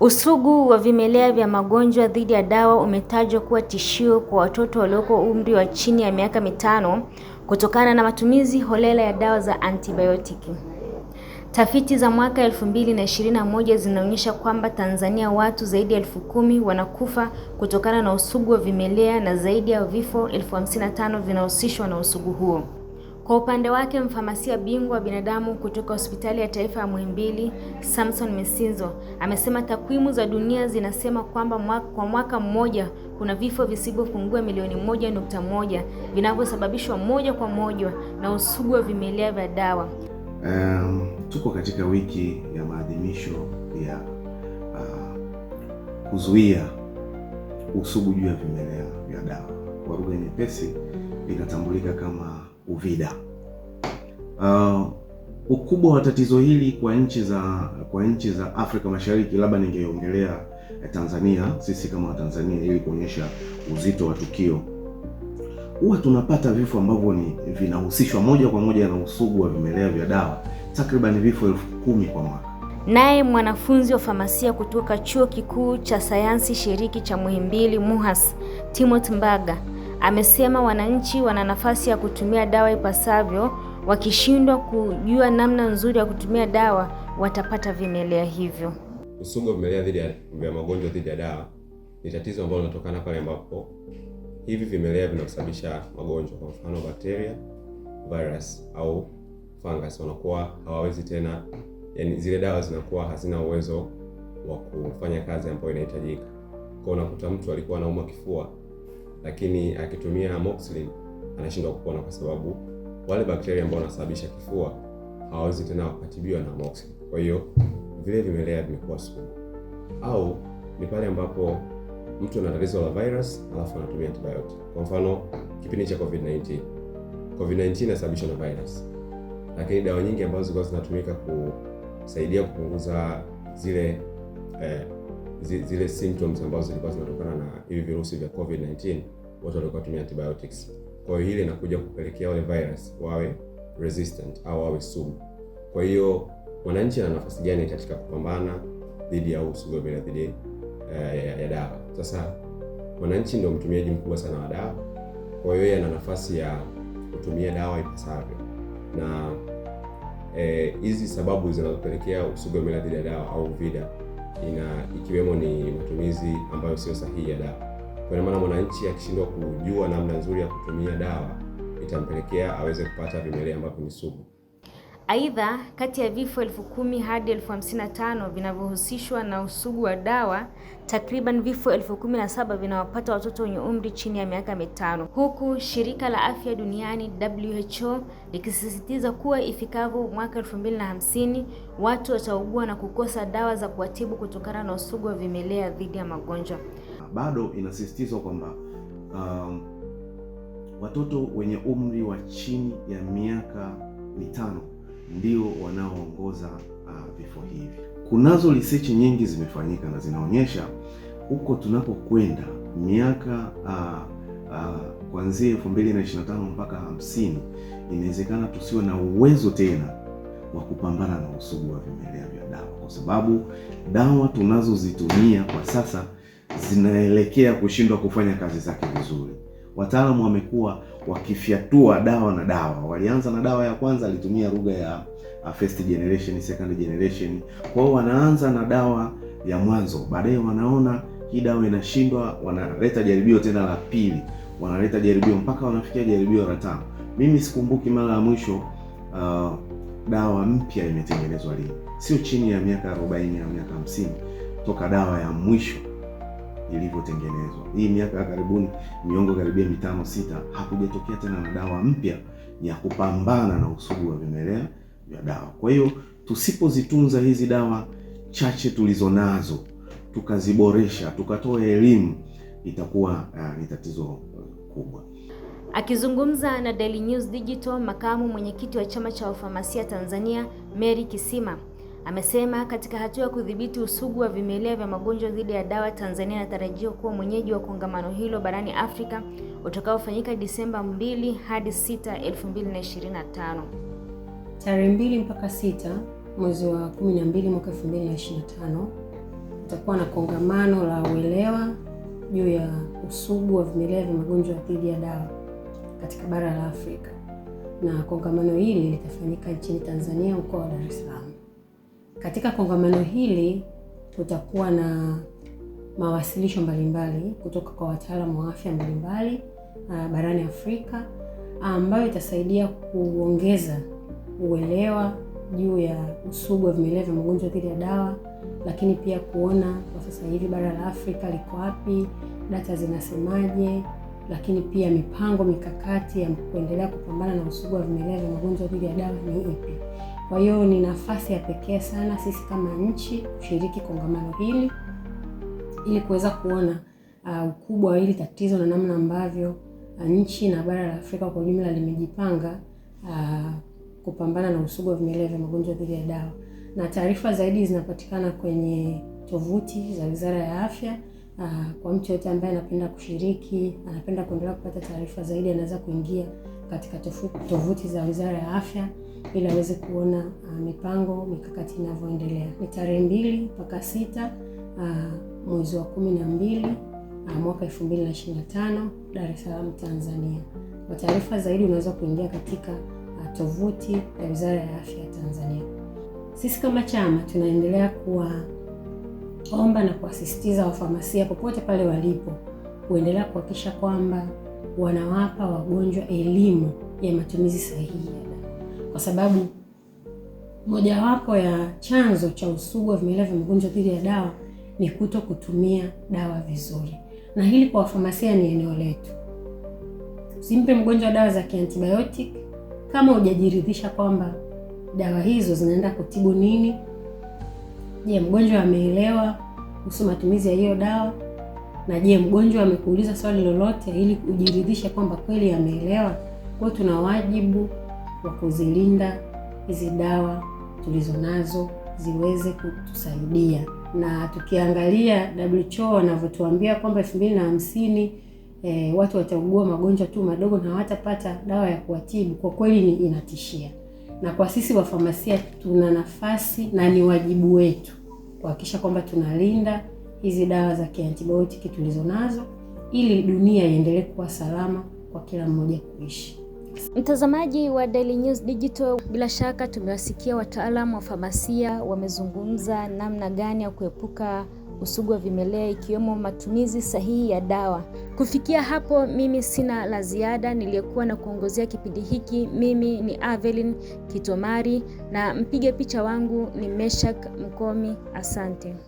Usugu wa vimelea vya magonjwa dhidi ya dawa umetajwa kuwa tishio kwa watoto walioko umri wa chini ya miaka mitano kutokana na matumizi holela ya dawa za antibiotiki. Tafiti za mwaka elfu na zinaonyesha kwamba Tanzania watu zaidi ya elfu kumi wanakufa kutokana na usugu wa vimelea na zaidi ya vifo elfu hamsini na tano vinahusishwa na usugu huo. Kwa upande wake mfamasia bingwa wa binadamu kutoka hospitali ya taifa ya Muhimbili Samson mesinzo amesema takwimu za dunia zinasema kwamba mwaka, kwa mwaka mmoja kuna vifo visivyopungua milioni moja nukta moja vinavyosababishwa moja kwa moja na usugu wa vimelea vya dawa. Um, tuko katika wiki ya maadhimisho ya uh, kuzuia usugu juu ya vimelea vya dawa, kwa lugha nyepesi inatambulika kama UVIDA. Uh, ukubwa wa tatizo hili kwa nchi za kwa nchi za Afrika Mashariki, labda ningeongelea eh, Tanzania, sisi kama Watanzania, ili kuonyesha uzito wa tukio, huwa tunapata vifo ambavyo ni vinahusishwa moja kwa moja na usugu wa vimelea vya dawa, takriban vifo elfu kumi kwa mwaka. Naye mwanafunzi wa famasia kutoka Chuo Kikuu cha Sayansi Shiriki cha Muhimbili MUHAS, Timothy Mbaga Amesema wananchi wana nafasi ya kutumia dawa ipasavyo, wakishindwa kujua namna nzuri ya kutumia dawa watapata vimelea hivyo. Usugu wa vimelea dhidi vya magonjwa dhidi ya dawa ni tatizo ambalo linatokana pale ambapo hivi vimelea vinasababisha magonjwa, kwa mfano bakteria, virus au fungus, wanakuwa hawawezi tena, yani zile dawa zinakuwa hazina uwezo wa kufanya kazi ambayo inahitajika. Kwa unakuta mtu alikuwa anauma kifua lakini akitumia amoxicillin anashindwa kupona kwa sababu wale bakteria ambao wanasababisha kifua hawawezi tena wakatibiwa na amoxicillin. Kwa hiyo vile vimelea vimekuwa sugu. Au ni pale ambapo mtu ana tatizo la virus alafu anatumia antibiotic. Kwa mfano kipindi cha COVID-19, COVID-19 inasababishwa na virus, lakini dawa nyingi ambazo zilikuwa zinatumika kusaidia kupunguza zile eh, zile symptoms ambazo zilikuwa zinatokana na hivi virusi vya COVID-19, watu walikuwa tumia antibiotics. Kwa hiyo ile inakuja kupelekea wale virus wawe resistant au wawe sumu. Kwa hiyo mwananchi ana nafasi gani katika kupambana dhidi ya usugu bila dhidi ya, ya, ya dawa? Sasa mwananchi ndio mtumiaji mkubwa sana wa dawa, kwa hiyo yeye ana nafasi ya kutumia dawa ipasavyo na eh, hizi eh, sababu zinazopelekea usugu bila dhidi ya dawa au vida ina ikiwemo ni matumizi ambayo sio sahihi ya dawa. Kwa maana mwananchi akishindwa kujua namna nzuri ya kutumia dawa itampelekea aweze kupata vimelea ambavyo ni sugu. Aidha, kati ya vifo elfu kumi hadi elfu hamsini na tano vinavyohusishwa na usugu wa dawa, takriban vifo elfu kumi na saba vinawapata watoto wenye umri chini ya miaka mitano, huku shirika la afya duniani WHO likisisitiza kuwa ifikapo mwaka elfu mbili na hamsini watu wataugua na kukosa dawa za kuwatibu kutokana na usugu wa vimelea dhidi ya magonjwa. Bado inasisitizwa kwamba um, watoto wenye umri wa chini ya miaka mitano ndio wanaoongoza uh, vifo hivi. Kunazo research nyingi zimefanyika na zinaonyesha huko tunapokwenda miaka uh, uh, kuanzia 2025 mpaka 50 inawezekana tusiwe na uwezo tena wa kupambana na usugu wa vimelea vya dawa, kwa sababu dawa tunazozitumia kwa sasa zinaelekea kushindwa kufanya kazi zake vizuri wataalamu wamekuwa wakifyatua dawa na dawa. Walianza na dawa ya kwanza, alitumia lugha ya uh, first generation, second generation. Kwa hiyo wanaanza na dawa ya mwanzo, baadaye wanaona hii dawa inashindwa, wanaleta jaribio tena la pili, wanaleta jaribio mpaka wanafikia jaribio la tano. Mimi sikumbuki mara ya mwisho uh, dawa mpya imetengenezwa lini, sio chini ya miaka 40 na miaka 50 toka dawa ya mwisho ilivyotengenezwa. Hii miaka ya karibuni, miongo karibia mitano sita, hakujatokea tena na dawa mpya ya kupambana na usugu wa vimelea vya dawa. Kwa hiyo tusipozitunza hizi dawa chache tulizo nazo tukaziboresha, tukatoa elimu, itakuwa uh, ni tatizo uh, kubwa. Akizungumza na Daily News Digital, makamu mwenyekiti wa chama cha wafamasia Tanzania Mary Kisima Amesema katika hatua ya kudhibiti usugu wa vimelea vya magonjwa dhidi ya dawa, Tanzania inatarajiwa kuwa mwenyeji wa kongamano hilo barani Afrika utakaofanyika Disemba 2 hadi 6, 2025. Tarehe mbili mpaka 6 mwezi wa 12 mwaka 2025 utakuwa na kongamano la uelewa juu ya usugu wa vimelea vya magonjwa dhidi ya dawa katika bara la Afrika, na kongamano hili litafanyika nchini Tanzania, mkoa wa Dar es Salaam. Katika kongamano hili kutakuwa na mawasilisho mbalimbali kutoka kwa wataalamu wa afya mbalimbali uh, barani Afrika ambayo itasaidia kuongeza uelewa juu ya usugu wa vimelea vya magonjwa dhidi ya dawa, lakini pia kuona kwa sasa hivi bara la Afrika liko wapi, data zinasemaje, lakini pia mipango mikakati ya kuendelea kupambana na usugu wa vimelea vya magonjwa dhidi ya dawa ni ipi. Kwa hiyo ni nafasi ya pekee sana sisi kama nchi kushiriki kongamano hili ili kuweza kuona uh, ukubwa wa hili tatizo na namna ambavyo uh, nchi na bara la Afrika kwa ujumla limejipanga uh, kupambana na usugu wa vimelea vya magonjwa dhidi ya dawa. Na taarifa zaidi zinapatikana kwenye tovuti za Wizara ya Afya. Uh, kwa mtu yote ambaye anapenda kushiriki, anapenda kuendelea kupata taarifa zaidi, anaweza kuingia katika tovuti za Wizara ya Afya ili aweze kuona uh, mipango mikakati inavyoendelea. Ni tarehe mbili mpaka sita uh, mwezi wa kumi na mbili uh, mwaka elfu mbili na ishirini na tano Dar es Salaam, Tanzania. Kwa taarifa zaidi unaweza kuingia katika uh, tovuti ya Wizara ya Afya ya Tanzania. Sisi kama chama tunaendelea kuwaomba na kuwasisitiza wafamasia popote pale walipo kuendelea kuhakikisha kwamba wanawapa wagonjwa elimu ya matumizi sahihi kwa sababu mojawapo ya chanzo cha usugu wa vimelea vya magonjwa dhidi ya dawa ni kuto kutumia dawa vizuri, na hili kwa wafamasia ni eneo letu. Usimpe mgonjwa dawa za kiantibiotic kama hujajiridhisha kwamba dawa hizo zinaenda kutibu nini. Je, mgonjwa ameelewa kuhusu matumizi ya hiyo dawa? Na je, mgonjwa amekuuliza swali lolote ili ujiridhishe kwamba kweli ameelewa? Kwa hiyo tuna wajibu wa kuzilinda hizi dawa tulizo nazo ziweze kutusaidia. Na tukiangalia WHO wanavyotuambia kwamba elfu mbili na hamsini e, watu wataugua magonjwa tu madogo na hawatapata dawa ya kuwatibu, kwa kweli ni inatishia. Na kwa sisi wafamasia tuna nafasi na ni wajibu wetu kuhakikisha kwamba tunalinda hizi dawa za kiantibiotiki nazo ili dunia iendelee kuwa salama kwa kila mmoja kuishi. Mtazamaji wa Daily News Digital, bila shaka tumewasikia wataalamu wa famasia wamezungumza namna gani ya kuepuka usugu wa vimelea ikiwemo matumizi sahihi ya dawa. Kufikia hapo, mimi sina la ziada. Niliyekuwa na kuongozea kipindi hiki mimi ni Avelin Kitomari na mpiga picha wangu ni Meshak Mkomi. Asante.